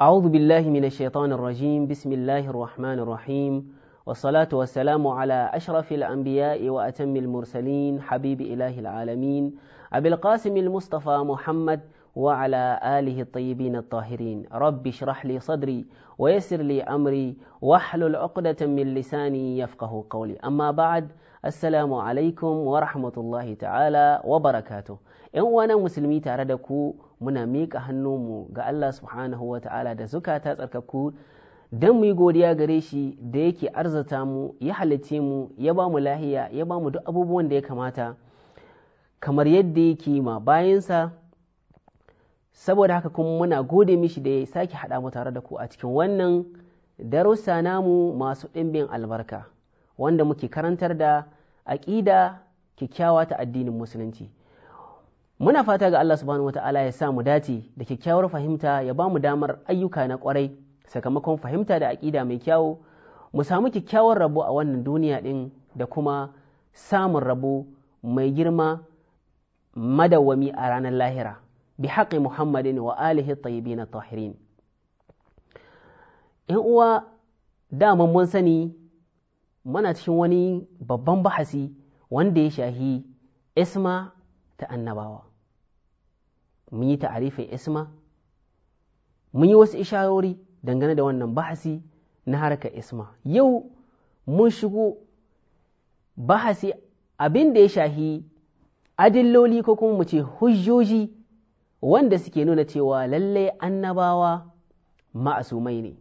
أعوذ بالله من الشيطان الرجيم بسم الله الرحمن الرحيم والصلاة والسلام على أشرف الأنبياء وأتم المرسلين حبيب إله العالمين أبي القاسم المصطفى محمد وعلى آله الطيبين الطاهرين wa اشرح لي صدري ويسر لي أمري واحلل عقدة من لساني يفقه قولي أما بعد السلام عليكم ورحمة الله تعالى وبركاته musulmi tare da ku muna hannu mu ga Allah subhanahu wa ta'ala da zukata tsarkaku don mu yi godiya gare shi da yake arzata mu ya halice mu ya ba mu lahiya ya ba mu duk abubuwan da ya kamata kamar yadda yake ma bayansa saboda haka kuma muna gode mishi da ya sake haɗa mu tare da ku a cikin wannan darussa namu masu ɗimbin albarka wanda muke karantar da aƙida kyakkyawa ta addinin musulunci muna fata ga Allah subhanahu wata'ala ya sa mu dace da kyakkyawar fahimta ya ba mu damar ayyuka na ƙwarai sakamakon fahimta da aƙida mai kyawu mu samu kyakkyawar rabo a wannan duniya ɗin da kuma samun rabo mai girma madawwami a ranar lahira بحق wa alihi الطيبين tahirin ‘yan uwa daman mun sani muna cikin wani babban bahasi wanda ya shahi isma ta annabawa mun yi ta'arifin isma mun yi wasu isharori dangane da wannan bahasi na harka isma yau mun shigo bahasi abin da ya shahi adilloli ko kuma mu ce hujjoji wanda suke nuna cewa lallai annabawa ma'asumai ne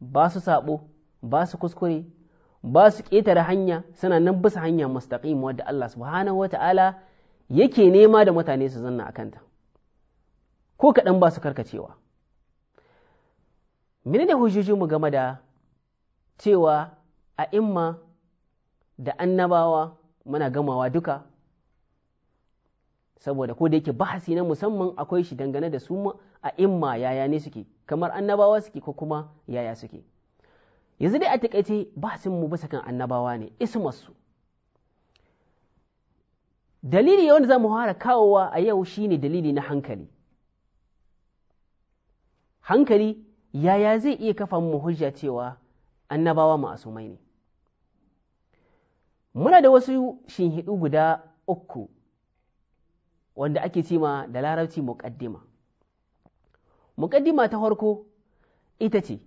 ba su saɓo ba su kuskure ba su ƙetare hanya suna nan bisa hanya mustaqim wadda Allah subhanahu wata'ala yake nema da mutane su zanna a kanta ko kaɗan ba su karkacewa mene ne mu game da cewa a imma da annabawa muna gamawa duka saboda ko da yake bahasi na musamman akwai shi dangane da su a imma yaya ne suke kamar annabawa suke ko kuma yaya suke yanzu dai a takaice bahasin mu bisa kan annabawa ne ismarsu dalili yawan za mu fara kawowa a yau shine dalili na hankali hankali yaya zai iya kafa mu hujja cewa annabawa asumai ne muna da wasu shinhidu guda uku wanda ake ce da larabci muƙaddima muƙaddima ta farko ita ce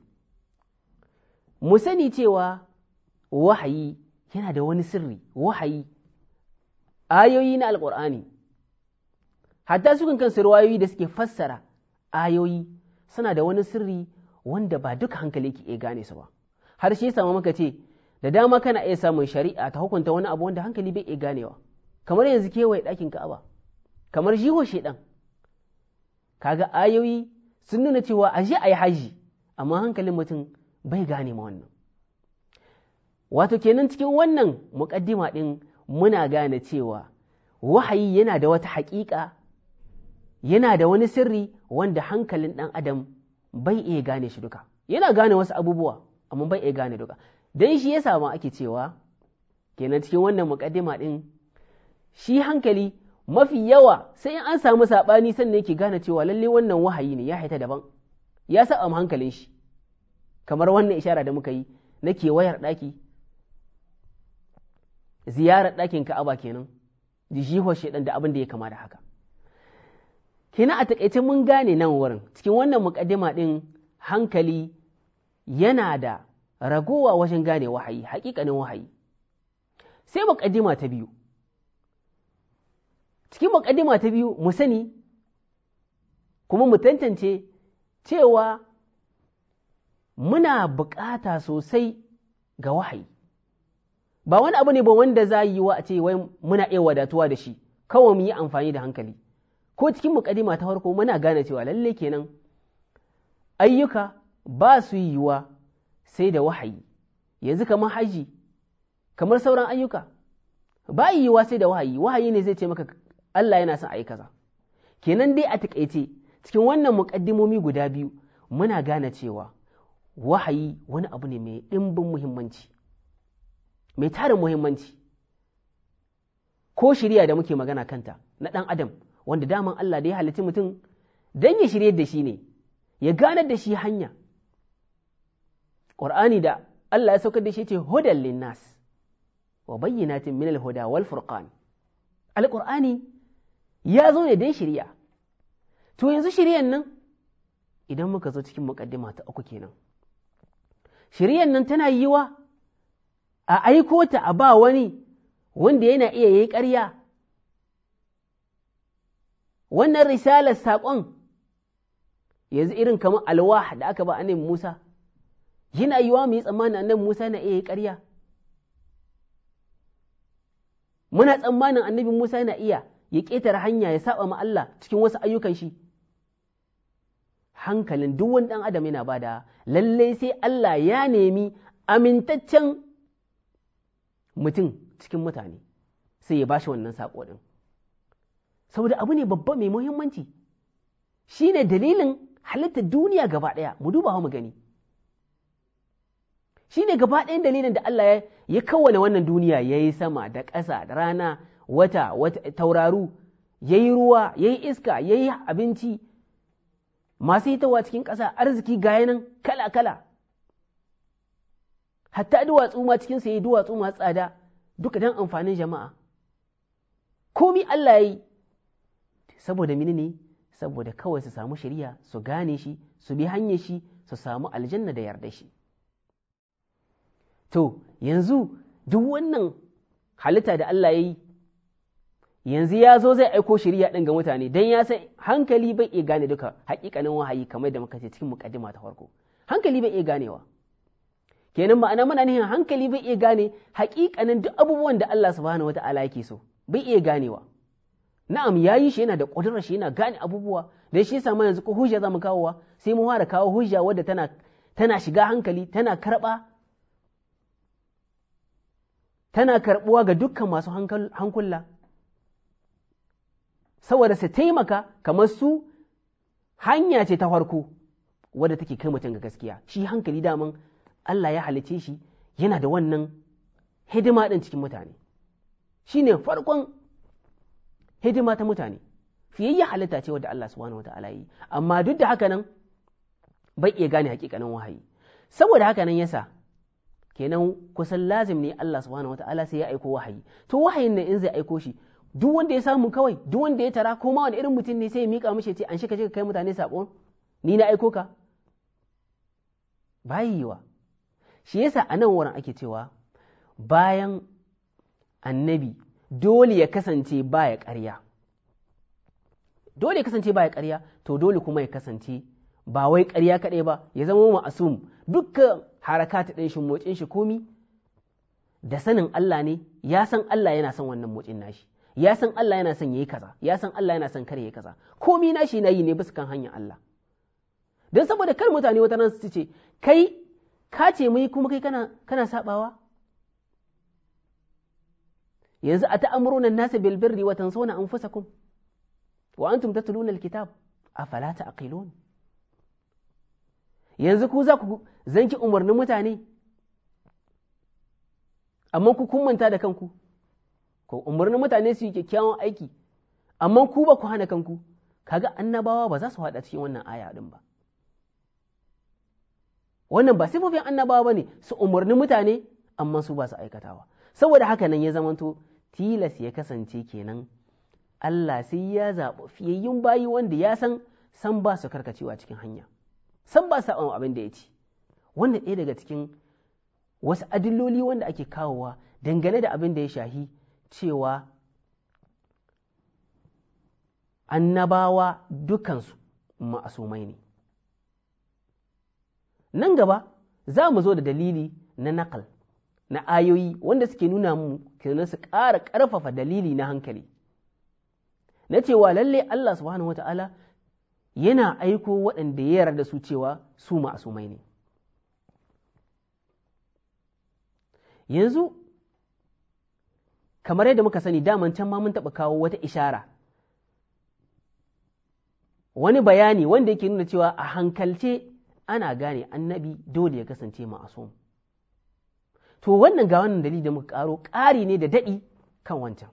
mu sani cewa wahayi yana da wani sirri wahayi ayoyi na alƙur'ani hatta sukan kansu ruwayoyi da suke fassara ayoyi suna da wani sirri wanda ba duka hankali ke iya gane su ba har shi samu maka ce da dama kana iya samun shari'a ta hukunta wani abu wanda hankali bai iya ganewa kamar yanzu kewaye ɗakin ka'aba kamar jiho shaidan kaga ayoyi sun nuna cewa a je a yi haji amma hankalin mutum bai gane ma wannan wato kenan cikin wannan muƙaddima ɗin muna gane cewa wahayi yana da wata haƙiƙa yana da wani sirri wanda hankalin ɗan adam bai iya gane shi duka yana gane wasu abubuwa amma bai iya gane duka don shi yasa ma ake cewa kenan cikin wannan muƙaddima ɗin shi hankali mafi yawa sai in an samu saɓani sannan yake gane cewa lalle wannan wahayi ne ya haita daban ya sa am hankalin shi kamar wannan ishara da muka yi na kewayar ɗaki ziyarar ɗakin ka'aba kenan jijihar shaidan da abin da ya kama da haka Kina a takaice mun gane nan wurin cikin wannan mukaddima ɗin hankali yana da ragowa wajen gane wahayi haƙiƙanin wahayi sai mukaddima ta biyu cikin mukaddima ta biyu mu sani kuma mu tantance cewa muna bukata sosai ga wahayi ba wani abu ne ba wanda za yi wa a ce wai muna iya wadatuwa da shi kawai mu yi amfani da hankali ko cikin mukaddima ta farko muna gane cewa lalle kenan ayyuka ba su yiwuwa sai da wahayi yanzu kamar haji kamar sauran ayyuka ba yiwuwa sai da wahayi wahayi ne zai ce maka Allah yana son a yi kaza kenan dai a taƙaice cikin wannan muƙaddimomi guda biyu muna gane cewa wahayi wani abu ne mai ɗimbin muhimmanci mai tarin muhimmanci ko shirya da muke magana kanta na ɗan adam wanda daman Allah da ya halitti mutum don ya shirya da shi ne ya gane da shi hanya ƙur'ani da Allah ya saukar da shi ce hudan linnas wa tun minal huda wal furqan alƙur'ani ya zo ne don shirya to yanzu shiryan nan idan muka zo cikin mukaddima ta uku kenan shiryan nan tana yiwa a aiko ta a ba wani wanda yana iya yi ƙarya wannan risalar saƙon yanzu irin kamar alwah da aka ba annabi Musa yana yiwa mu yi tsammanin annabi Musa na iya yi ƙarya muna tsammanin annabi Musa na iya ya ƙetare hanya ya saba ma Allah cikin wasu ayyukan shi hankalin duk wani ɗan adam yana bada lalle sai Allah ya nemi amintaccen mutum cikin mutane sai ya bashi wannan saƙo ɗin saboda abu ne babba mai muhimmanci shine dalilin halittar duniya gaba ɗaya mu duba mu gani shine gaba ɗayan dalilin da Allah ya kawana wannan duniya ya yi sama da ƙasa da rana wata tauraru ya yi ruwa ya yi iska ya yi abinci masu hitawa cikin ƙasa arziki gayanan kala-kala hatta duwatsu ma cikin ya yi duwatsu masu tsada duka don amfanin jama'a komi Allah ya yi saboda mini ne saboda kawai su samu shari'a su gane shi su bi hanyar shi su samu aljanna da yarda shi to yanzu duk wannan halitta da Allah ya yi yanzu ya zo zai aiko shari'a din ga mutane dan ya san hankali bai iya gane duka hakikanin wahayi kamar da muka ce cikin mukaddima ta farko hankali bai iya ganewa kenan ma'ana muna nihin hankali bai iya gane hakikanin duk abubuwan da Allah subhanahu wata'ala yake so bai iya ganewa na'am yayi shi yana da kudurar shi yana gane abubuwa dan shi yasa yanzu ko hujja zamu kawowa sai mu fara kawo hujja wadda tana tana shiga hankali tana karba tana karɓuwa ga dukkan masu hankula saboda su taimaka kamar su hanya ce ta farko wadda take kai mutum ga gaskiya shi hankali daman Allah ya halice shi yana da wannan hidima ɗin cikin mutane shi ne farkon hidima ta mutane fiyayya halitta ce wadda Allah subhanahu wa ta'ala yi amma duk da haka nan bai iya gane hakikanin wahayi saboda haka nan yasa kenan kusan lazim ne Allah subhanahu wa ta'ala sai ya aiko wahayi to wahayin nan in zai aiko shi duk wanda ya samu kawai duk wanda ya tara ko ma wani irin mutum ne sai ya mika mishi ce an shi kaje ka kai mutane sakon ni na aiko ka bayi yiwa shi yasa a nan wurin ake cewa bayan annabi dole ya kasance baya ƙarya dole ya kasance baya ƙarya to dole kuma ya kasance ba wai ƙarya kaɗai ba ya zama ma'asum dukkan harakat ɗin shi motsin shi komi da sanin Allah ne ya san Allah yana son wannan motsin nashi ya san Allah yana son yayi kaza ya san Allah yana son kar yayi kaza komai nashi na yi ne bisa kan hanyar Allah don saboda kar mutane wata nan su ce kai ka ce mai kuma kai kana kana sabawa yanzu a ta'amuruna nasa bil birri wa tansawna anfusakum wa antum tatluna alkitab afala ta'qilun yanzu ku za ku zanki umarnin mutane amma ku kun manta da kanku ko umarnin mutane su yi kyakkyawan aiki amma ku ba ku hana kanku kaga annabawa ba za su haɗa cikin wannan aya ɗin ba wannan ba sifofin annabawa ba ne su umarni mutane amma su ba su aikatawa saboda haka nan ya zamanto tilas ya kasance kenan Allah sai ya zaɓi fiyayyun bayi wanda ya san san ba su karkacewa cikin hanya san ba sa abin da ya ci wannan ɗaya daga cikin wasu adilloli wanda ake kawowa dangane da abin da ya shahi cewa annabawa dukansu ma'asumai ne nan gaba za mu zo da dalili na nakal na ayoyi wanda suke nuna mu kenan su ƙara ƙarfafa dalili na hankali na cewa lalle Allah subhanahu ta’ala yana aiko waɗanda ya yarda su cewa su ma'asumai ne yanzu kamar yadda muka sani daman can ma mun taɓa kawo wata ishara wani bayani wanda yake nuna cewa a hankalce ana gane annabi dole ya kasance ma'asum to wannan ga wannan dalili da muka karo ƙari ne da daɗi kan wancan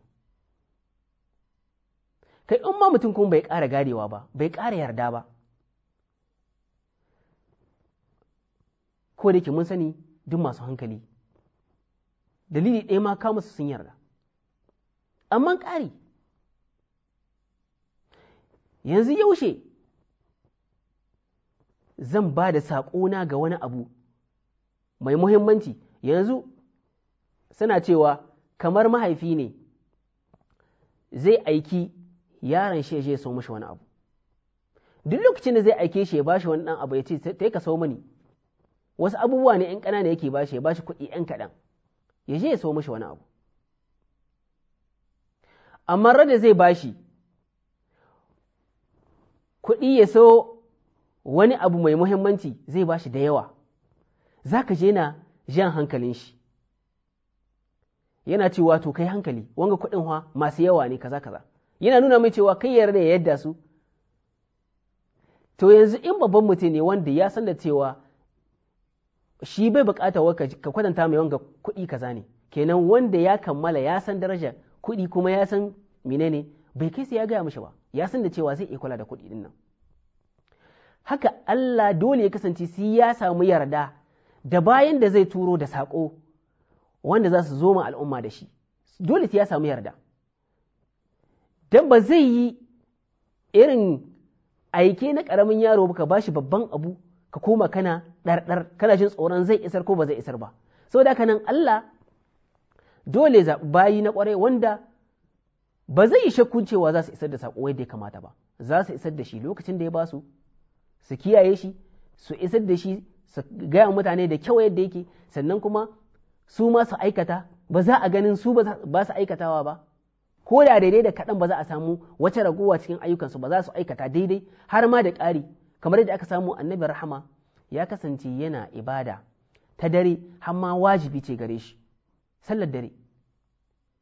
kai in ma mutum kuma bai ƙara garewa ba bai ƙara yarda ba ko da ke mun sani duk masu hankali dalili ɗaya ma kamusu sun yarda amma ƙari yanzu yaushe zan ba da saƙona ga wani abu mai muhimmanci yanzu suna cewa kamar mahaifi ne zai aiki yaron shi ya so mashi wani abu duk lokacin da zai aike shi ya ba shi wani ɗan abu ya ce ta ka so mani wasu abubuwa ne ‘yan ƙanana yake shi ya ba shi kuɗi ‘yan kaɗan ya je ya so mashi wani abu amma rada zai ba shi, kuɗi ya so wani abu mai muhimmanci zai bashi da yawa za ka je na jan hankalin shi yana cewa to kai hankali wanga kuɗin hwa masu yawa ne kaza kaza yana nuna mai cewa kai yarda ya yadda su to yanzu in babban mutum ne wanda ya san da cewa shi bai bukata ka kwatanta mai wanga kuɗi kaza ne kenan wanda ya kammala ya san darajar kuɗi kuma ya san menene bai kai sai ya gaya mishi ba ya san da cewa zai iya kula da kuɗi din nan haka Allah dole ya kasance sai ya samu yarda da bayan da zai turo da saƙo wanda za su zo ma al'umma da shi dole sai ya samu yarda don ba zai yi irin aike na ƙaramin yaro ba ka ba shi babban abu ka koma kana ɗarɗar kana jin tsoron zai isar ko ba zai isar ba saboda haka nan Allah dole zaɓi bayi na ƙwarai wanda ba zai yi shakkun cewa za su isar da saƙo yadda ya kamata ba za su isar da shi lokacin da ya ba su su kiyaye shi su isar da shi su gaya mutane da kyau yadda yake sannan kuma su ma su aikata ba za a ganin su ba su aikatawa ba ko da daidai da kaɗan ba za a samu wacce ragowa cikin ayyukansu ba za su aikata daidai har ma da ƙari kamar yadda aka samu annabi rahama ya kasance yana ibada ta dare har ma wajibi ce gare shi sallar dare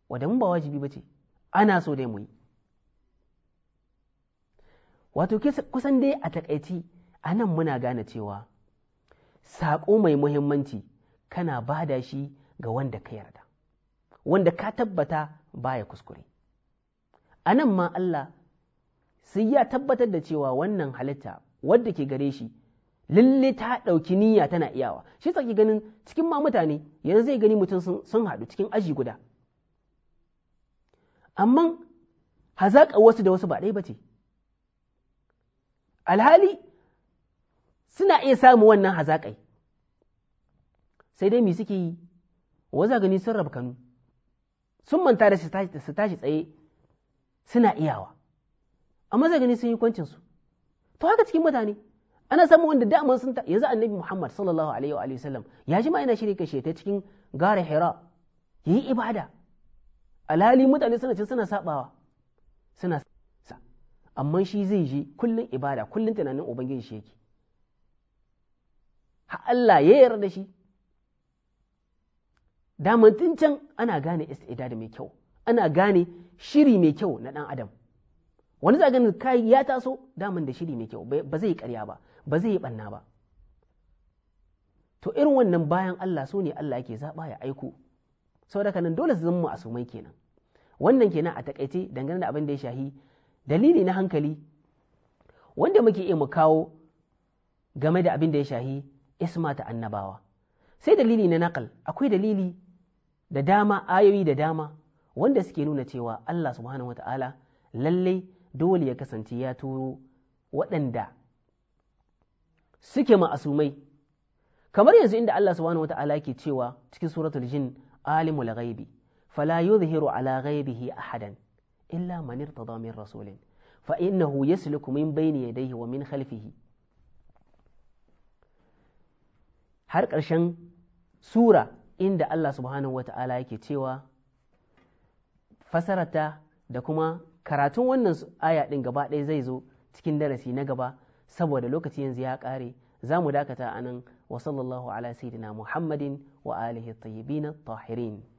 wadda mun ba wajibi ba ce ana so dai mu yi wato kusan dai a takaici a nan muna gane cewa saƙo mai muhimmanci kana ba da shi ga wanda ka yarda wanda ka tabbata baya kuskure a nan ma Allah sai ya tabbatar da cewa wannan halitta wadda ke gare shi lalle ta ɗauki niyya tana iyawa shi tsaki ganin cikin ma mutane yanzu zai gani mutum sun haɗu cikin aji guda amma hazaƙa wasu da wasu ba ɗaya ba ce alhali suna iya samu wannan hazaƙai sai dai me suke yi waza gani sun raba kanu sun manta da su tashi tsaye suna iyawa amma zai gani sun yi kwancinsu to haka cikin mutane ana samun wanda dama sun ta yanzu annabi Muhammad sallallahu alaihi wa alihi sallam ya ji ma yana shirye shi ta cikin gara hira yi ibada alhali mutane suna cin suna sabawa suna sa amma shi zai je kullun ibada kullun tunanin ubangiji shi yake Ha Allah ya yarda da shi tun can ana gane istidad mai kyau ana gane shiri mai kyau na dan adam wani za kai ya taso daman da shiri mai kyau ba zai karya ba ba zai yi banna ba to irin wannan bayan Allah su ne Allah yake zaɓa ya aiko saboda nan dole su zama sumai kenan wannan kenan a takaice dangane da abin da ya shahi dalili na hankali wanda muke iya mu kawo game da abin da ya shahi isma ta annabawa sai dalili na nakal akwai dalili da dama ayoyi da dama wanda suke nuna cewa Allah subhanahu wataala lallai dole ya kasance ya turo waɗanda suke ma'asumai kamar yanzu inda Allah subhanahu wa ta'ala ke cewa cikin suratul jin la ghaibi fala yuzhiru ala ghaibihi ahadan illa man irtada min rasulin fa innahu yasluku min bayni yadayhi wa min khalfihi har ƙarshen sura inda Allah subhanahu wa ta'ala yake cewa fasarata da kuma karatun wannan aya ɗin gaba ɗaya zai zo cikin darasi na gaba saboda lokaci yanzu ya ƙare za mu dakata a nan wa sallallahu ala sayyidina muhammadin wa alihi tayyibin tahirin